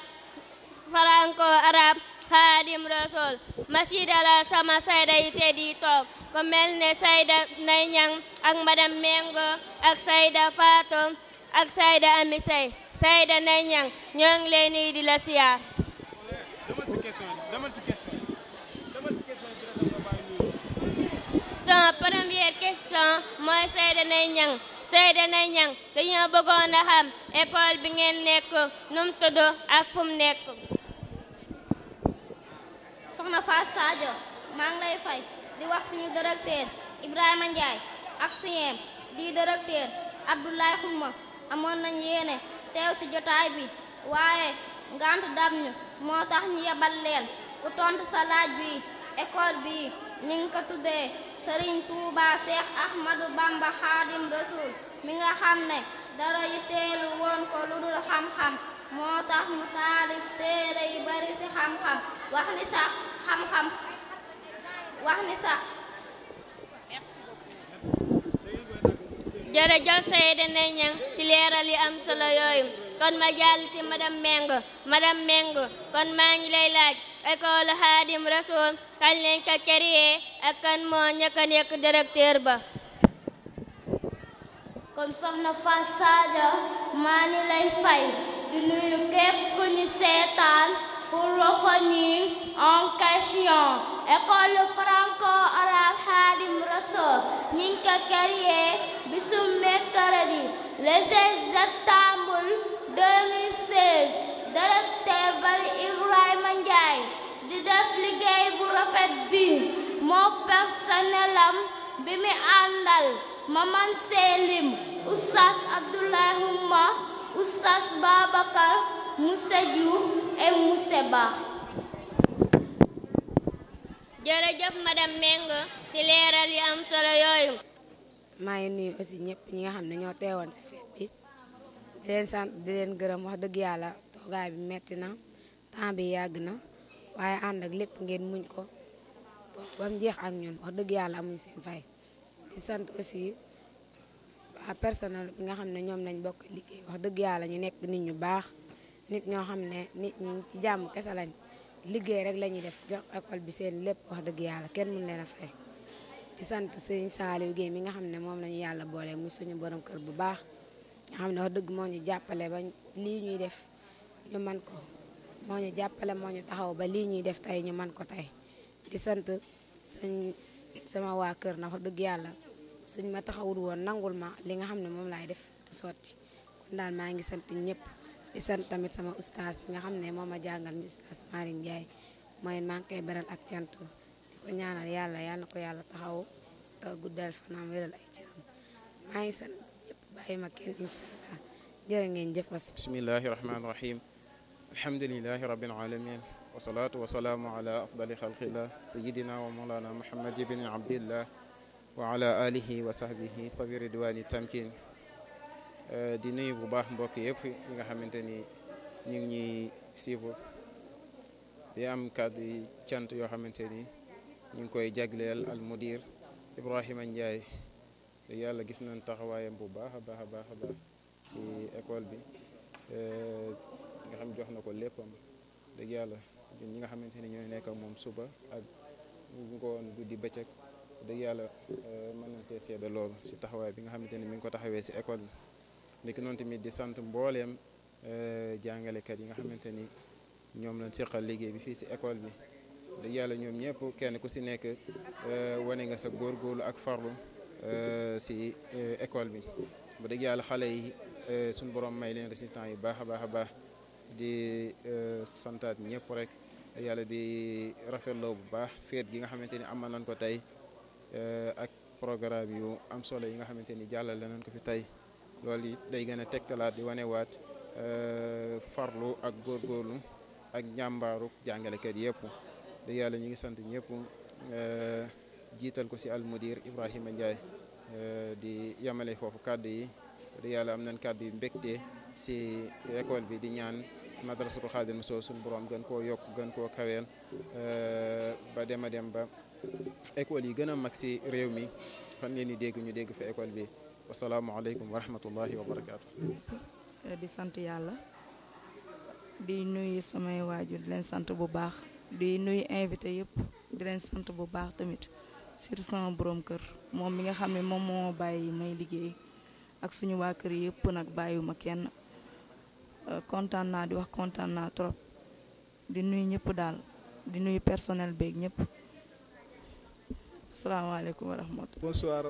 Xaadim Rasul masidala sama sayda yi te di toog ko mel ne sayda Nay Ñang ak madame Mengo ak sayda Fatou ak sayda Ami sayda Nay Ñang ñoo ngi leen nuyu di siyaar question première question mooy seede bi ngeen nekk num tudd ak fu mu nekk soxna Fatou Sadio maa lay fay di wax suñu directeur Ibrahima Ndiaye ak suñeem di directeur Abdoulaye Xuma amoon nañ yéene teew ci jotaay bi waaye ngant dab ñu moo tax ñu yebal leen ku tontu sa bi école bi ñi ngi sëriñ tuuba seex ahmadu bamba xaadim rasul mi nga xam ne dara yitteelu woon ko lu dul xam-xam moo tax mu taalib téere yu bari ci xam-xam wax ni sax xam-xam wax ni sax jërëjëf Seydi Ndeye ci leeral yi am solo yooyu kon ma jàll ci madame Meng madame Meng kon maa lay laaj école Xaadim Rasul kañ lañ ko créé ak kan moo ñëkk a nekk directeur ba kon soxna Fatou Sadio maa ngi lay fay di nuyu képp ku ñu seetaan pour revenir en question école franco-arabe Xaadim Rasul ñu ngi ko créé bisu mercredi le 16 septembre 2016 directeur Bari Ibrahima Ndiaye di def liggéey bu rafet bi moo personnel am bi mi àndal ma man seelim oustaz Abdoulaye Ouma oustaz Babacar Moussa Diouf et Moussa Ba jërëjëf madame Meng si leeral yi am solo yooyu maa ngi nuyu aussi ñëpp ñi nga xam ne ñoo teewoon ci fête bi di leen sant di leen gërëm wax dëgg yàlla toogaay bi metti na temps bi yàgg na waaye ànd ak lépp ngeen muñ ko ba mu jeex ak ñun wax dëgg yàlla amuñ seen fay di sant aussi waa personnel bi nga xam ne ñoom lañ bokk liggéey wax dëgg yàlla ñu nekk nit ñu baax nit ñoo xam ne nit ñi ci jàmm kese liggéey rek la ñuy def jox école bi seen lépp wax dëgg yàlla kenn mun leen a fay sant sëñ Saliou mi nga xam ne moom lañu yàlla boole mu suñu borom kër bu baax nga xam ne wax dëgg moo ñu jàppale ba lii ñuy def ñu man ko moo ñu jàppale moo ñu taxaw ba lii ñuy def tey ñu man ko tey di sant suñ sama waa kër na wax dëgg yàlla suñ ma taxawul woon nangul ma li nga xam ne moom laay def du sotti kon daal maa ngi sant ñëpp di sant tamit sama ustaas bi nga xam ne moom ma jàngal mi ustaas Malick Ndiaye mooy maa ngi ak cant di ko ñaanal yàlla yàlla na ko yàlla taxaw te guddal fanaam wéral ay cëram maa ngi sant ñëpp ma kenn incha allah jërë ngeen jëfas bismillahi rahmaani rahim alhamdulilahi rabbil alamin wasalaatu wasalaamu ala afdali xalqillah sayidina wa mawlana muhammad ibni abdillah wa ala alihi wa sahbihi sabi ridwani tamkin eh, di nuyu bu baax mbokk yëpp yi nga xamante ni ñu ngi ñuy siifu di am kàddu yi cant yoo xamante ni ñu ngi koy jagleel al mudir Ibrahima Ndiaye te yàlla gis nañ taxawaayam bu baax a baax a baax a baax si école bi eh, nga xam jox na ko léppam dëgg yàlla ñi nga xamante ni ñooy nekk ak moom suba ak ngoon guddi bëccëg dëgg yàlla euh, mën nañ see seede loolu si taxawaay bi nga xamante ni mi ngi ko taxawee si école bi ndiki tamit di sant mbooleem euh, jàngalekat yi nga xamante ni ñoom lañ seqal liggéey bi fii si école bi dëgg yàlla ñoom ñëpp kenn ku si nekk euh, wane nga sa góorgóorlu ak farlu si école bi ba dëgg yàlla xale yi suñu borom may leen résultats yu baax a baax a baax di euh, santaat ñëpp rek yàlla di rafetloo bu baax feet gi nga xamante ni amal nañ ko tey euh, ak programme yu am solo yi nga xamante ni jàllale nañ ko fi tey lool yi day gën a teg tegtalaat di wane waat euh, farlu ak góorgóorlu ak njàmbaaru jàngalekat yëpp de yàlla ñu ngi sant ñëpp jiital ko ci almudir Ibrahima Ndiaye di yamale foofu kàddu yi de yàlla am nañ kàddu yu mbégte ci école bi di ñaan. madrasatu xaadim soo suñu borom gën koo yokk gën koo kaweel eh, ba dem a dem ba école yi gën a mag si réew mi fan ngeen di dégg ñu dégg fi école bi wasalaamualeykum wa rahmatullahi wa barakaatu. Eh, di sant yàlla di nuyu samay waajur di leen sant bu baax di nuyu invité yëpp di leen sant bu baax tamit surtout sama borom kër moom mi nga xam ne moom moo bàyyi may liggéey ak suñu waa kër yëpp nag ma kenn. Euh, kontaan naa di wax kontaan naa trop di nuyu ñëpp daal di nuyu personnel beeg ñëpp asalaamaaleykum wa rahmatulah. bonsoir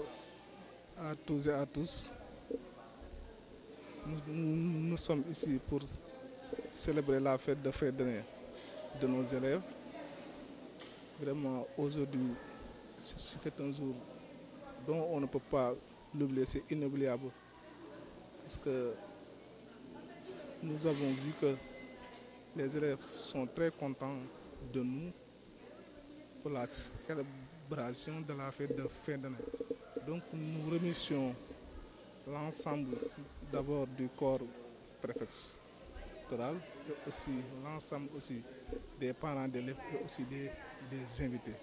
à tous et à tous nous, nous sommes pour célébrer la fête de fin d'année de nos élèves vraiment aujourd'hui c'est un jour dont on ne peut pas l'oublier c'est inoubliable parce que nous avons vu que les élèves sont très contents de nous pour la célébration de la fête de fin d'année. Donc nous remercions l'ensemble d'abord du corps préfectoral et aussi l'ensemble aussi des parents d'élèves et aussi des des invités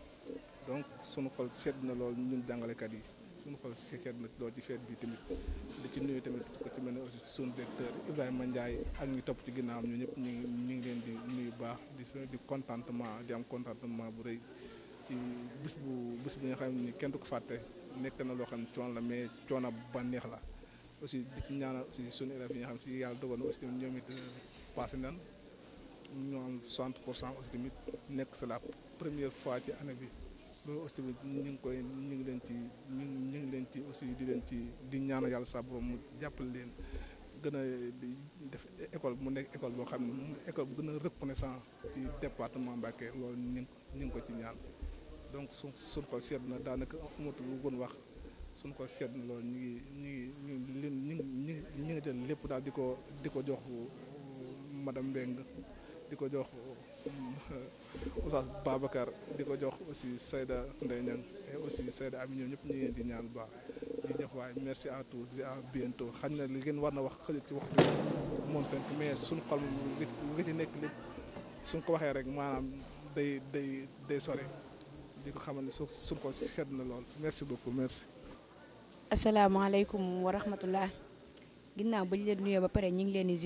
donc sunu xol sedd na lool ñun jàngalekat yi. suñu xol si xeet la lool ci feet bi tamit di ci nuyu tamit ko ci mel ni aussi suñu directeur Ibrahima Ndiaye ak ñu topp ci ginnaawam ñu ñëpp ñu ngi ñu ngi leen di nuyu baax di di contentement di am contentement bu rëy ci bis bu bis bi nga xam ni kenn du ko fàtte nekk na loo xam ne coono la mais coono bànneex la aussi ci ñaanal aussi suñu élèves yi xam si yàlla dogal na aussi tamit ñoom it euh, passé nan pour cent aussi tamit nekk c'est la première fois ci année bi. loolu aussi bi ñu ngi koy ñu ngi leen ci ñu ñu ngi leen ci aussi di leen ci di ñaanal yàlla sa borom mu jàppale leen gën a def école mu nekk école boo xam ne école bu gën a reconnaissant ci département Mbacké loolu ñu ñu ngi ko ci ñaan donc su suñ ko seet na daanaka amatu lu gën wax suñ ko seet na loolu ñu ngi ñu ngi ñu ngi ñu ngi ñu ngi jël lépp daal di ko di ko jox madame Mbengue di ko jox Euh, Oustaz Babacar di ko jox aussi sayda Ndeye Niang et aussi Seyda Ami ñoom ñëpp ñu ngi di ñaan baax di jox waay merci à tous di à bientôt xañ na li ngeen war na wax xëy ci waxtu bi moom tamit mais suñ xol li li ci nekk lépp suñ ko waxee rek maanaam day day day sore di ko xamal ne suuf suñ ko xet na lool merci beaucoup merci. asalaamaaleykum wa rahmatullah ginnaaw bañ leen nuyoo ba pare ñu ngi leen di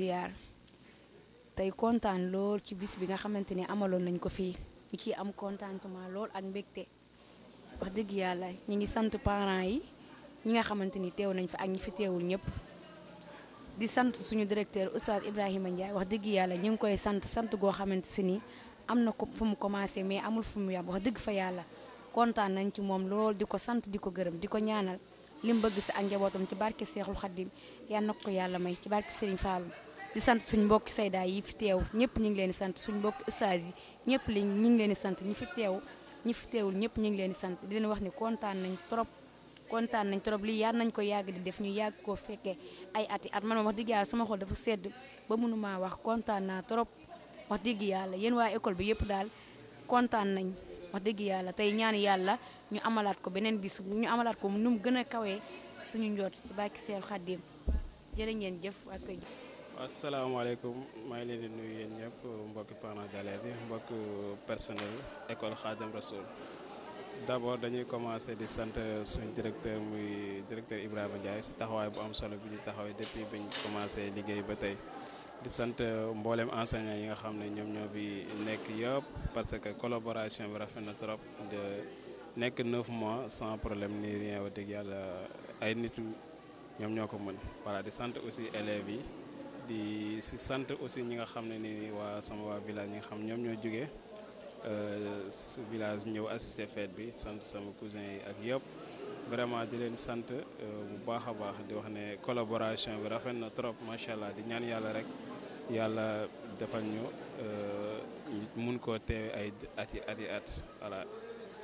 tey kontaan lool ci bis bi nga xamante ni amaloon nañ ko fii ñu ci am contentement lool ak mbégte wax dëgg yàlla ñi ngi sant parents yi ñi nga xamante ni teew nañ fa ak ñi fi teewul ñëpp di sant suñu directeur oustaz Ibrahima Ndiaye wax dëgg yàlla ñu ngi koy sant sant goo xamante si ni am na ko fu mu commencé mais amul fu mu yàb wax dëgg fa yàlla kontaan nañ ci moom lool di ko sant di ko gërëm di ko ñaanal li mu bëgg si ak njabootam ci barke Seexul Xaddim yal na ko yàlla may ci barke Serigne Fallou di sant suñ mbokki saydaa yi fi teew ñëpp ñu ngi leen di sant suñ bokk ustaas yi ñëpp li ñu ngi leen di sant ñi fi teew ñi fi teewul ñëpp ñu ngi leen sant di leen wax ne kontaan nañ trop kontaan nañ trop li yar nañ ko yàgg di def ñu yàgg koo fekkee ay ati at man ma dëgg yàlla suma xol dafa sedd ba mënumaa wax kontaan naa trop wax dëgg yàlla yéen waa école bi yëpp daal kontaan nañ wax dëgg yàlla tey ñaan yàlla ñu amalaat ko beneen bis ñu amalaat ko nu mu gën a kawee suñu njoot ci bàkki Seex Xaddim jërë ngeen jëf ak asalaamaaleykum maa ngi leen di nuyu yéen ñëpp mbokki parents d'élèves bi mbokk personnel école Khadim Rassoul d'abord dañuy commencer di sant suñu directeur muy directeur Ibrahima Ndiaye si taxawaay bu am solo bi ñu taxawee depuis biñ commencé liggéey ba tey di sant mboolem enseignants yi nga xam ne ñoom ñoo fi nekk yëpp parce que collaboration bi rafet na trop de nekk neuf mois sans problème ni rien wax dëgg yàlla ay nitu ñoom ñoo ko mën voilà di sant aussi di si sant aussi ñi nga xam ne ni waa sama waa village ñi nga xam ñoom ñoo jógee euh, si village ñëw assister fête bi sant sama cousin yi ak yëpp vraiment di leen sant euh, bu baax a baax di wax ne collaboration bi rafet na trop macha allah di ñaan yàlla rek yàlla defal ñu euh, mun koo teewe ay at yi at yi at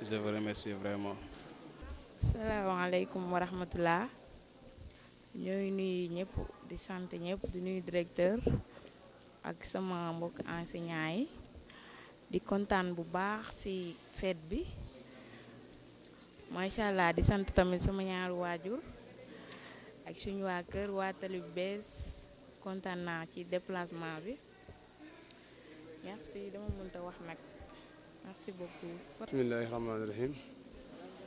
je vous remercie vraiment. salaamaaleykum wa rahmatullah ñooy nuyu ñëpp di sant ñëpp di nuyu directeur ak sama mbokk enseignant yi di kontaan bu baax ci fête bi macha allah di sant tamit sama ñaari waajur ak suñu waa kër waa tali bees kontaan naa ci déplacement bi merci dama mënta wax nag merci beaucoup bismillahi rahmaani rahim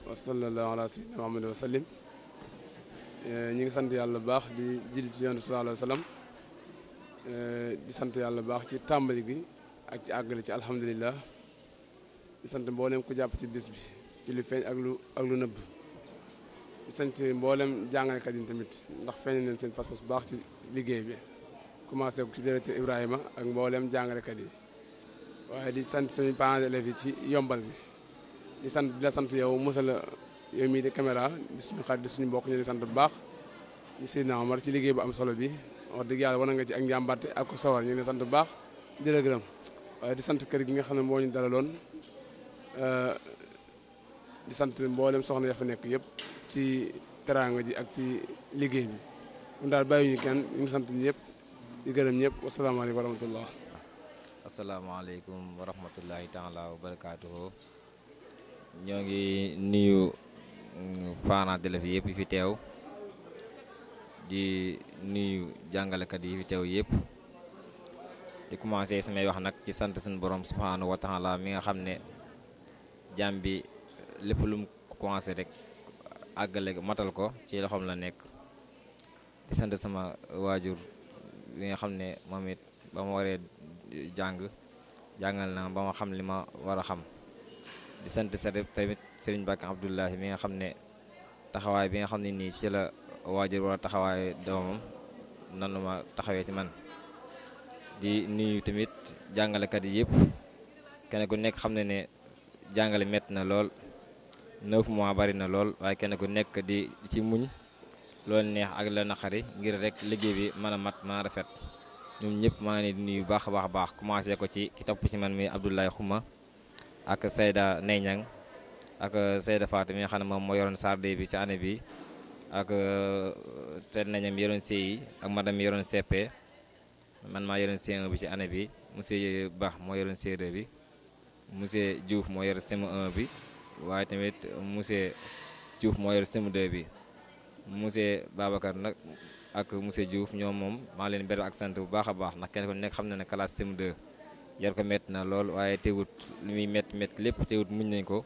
wa sallallahu ala sayyidina muhammad wa sallim Eh, ñu ngi sant yàlla bu baax di jil ci yonent bi sallallahu alayhi eh, di sant yàlla bu baax ci tàmbali gi ak ci àggale ci alhamdulilah sant mboolem ku jàpp ci bis bi ci lu feeñ ak lu ak nëbb di sant mboolem jàngalekat yi tamit ndax feeñ leen seen pas-pas bu baax ci liggéey bi commencé ko ci directeur Ibrahima ak mboolem jàngalekat yi waaye di sant seen parents d'élèves yi ci yombal bi di sant di la sant yow Moussa yow mii di caméra di suñu xarit di suñu mbokk ñu di sant bu baax di Seydina Omar ci liggéey bu am solo bi wax dëgg yàlla wane nga ci ak njàmbarte ak ko sawar ñu di sant bu baax di gërëm waaye di sant kër gi nga xam ne moo ñu dalaloon eh, di sant mboolem soxna ya fa nekk yëpp ci teraanga ji ak ci liggéey bi mun daal bàyyi ñu kenn ñu ngi sant ñëpp di gërëm ñëpp wasalaamaaleykum wa rahmatullah asalaamaaleykum wa rahmatullahi taala wa ñoo ngi nuyu parents d'élèves yëpp yi fi teew di nuyu jàngalekat yi fi teew yëpp di commencé samay wax nag ci sant suñu borom subhanahu wa laa mi nga xam ne jàmm bi lépp lum mu commencé rek àggale matal ko ci loxoom la nekk di sant sama waajur bi nga xam ne moom it ba ma waree jàng jàngal na ba ma xam li ma war a xam di sant sare tamit Serigne Bakk Abdoulahi mi nga xam ne taxawaay bi nga xam ne nii ci la waajur wala taxawaay doomam nanu ma taxawee ci man di nuyu tamit jàngalekat yi yëpp kenn ku nekk xam ne ne jàngale métti na lool neuf mois bari na lool waaye kenn ku nekk di ci muñ loolu neex ak la naqari ngir rek liggéey bi mën a mat mën a rafet ñoom ñëpp maa ngi leen di nuyu baax a baax a baax commencé ko ci ki topp ci man mi Abdoulaye Xuma ak sayda Neyñang ak Seyda Fatou mi nga moom moo yoroon sarde bi ci année bi ak euh, Seyda Neyñang mi yoroon CI ak madame mi yoroon CP man maa yoroon ce bi ci année bi monsieur Ba moo yoroon CE2 bi monsieur Diouf moo bi waaye tamit monsieur Diouf moo yor CM2 bi monsieur Babacar nag ak monsieur Diouf ñoom moom maa leen beral ak sant bu baax a baax ndax kenn ku nekk xam na ne classe cm yor ko métti na lool waaye teewut lu muy métti métti lépp teewut muñ nañ ko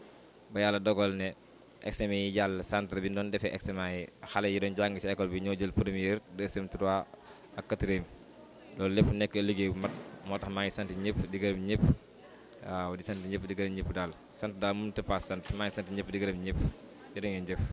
ba yàlla dogal ne examen yi jàll centre bi doon defee examen yi xale yi doon jàng ci école bi ñoo jël première deuxième trois ak quatrième loolu lépp nekk liggéey bu mat moo tax maa ngi sant ñëpp di gërëm ñëpp waaw di sant ñëpp di gërëm ñëpp daal sant daal mënut a paas sant maa ngi sant ñëpp di gërëm ñëpp jërë ngeen jëf.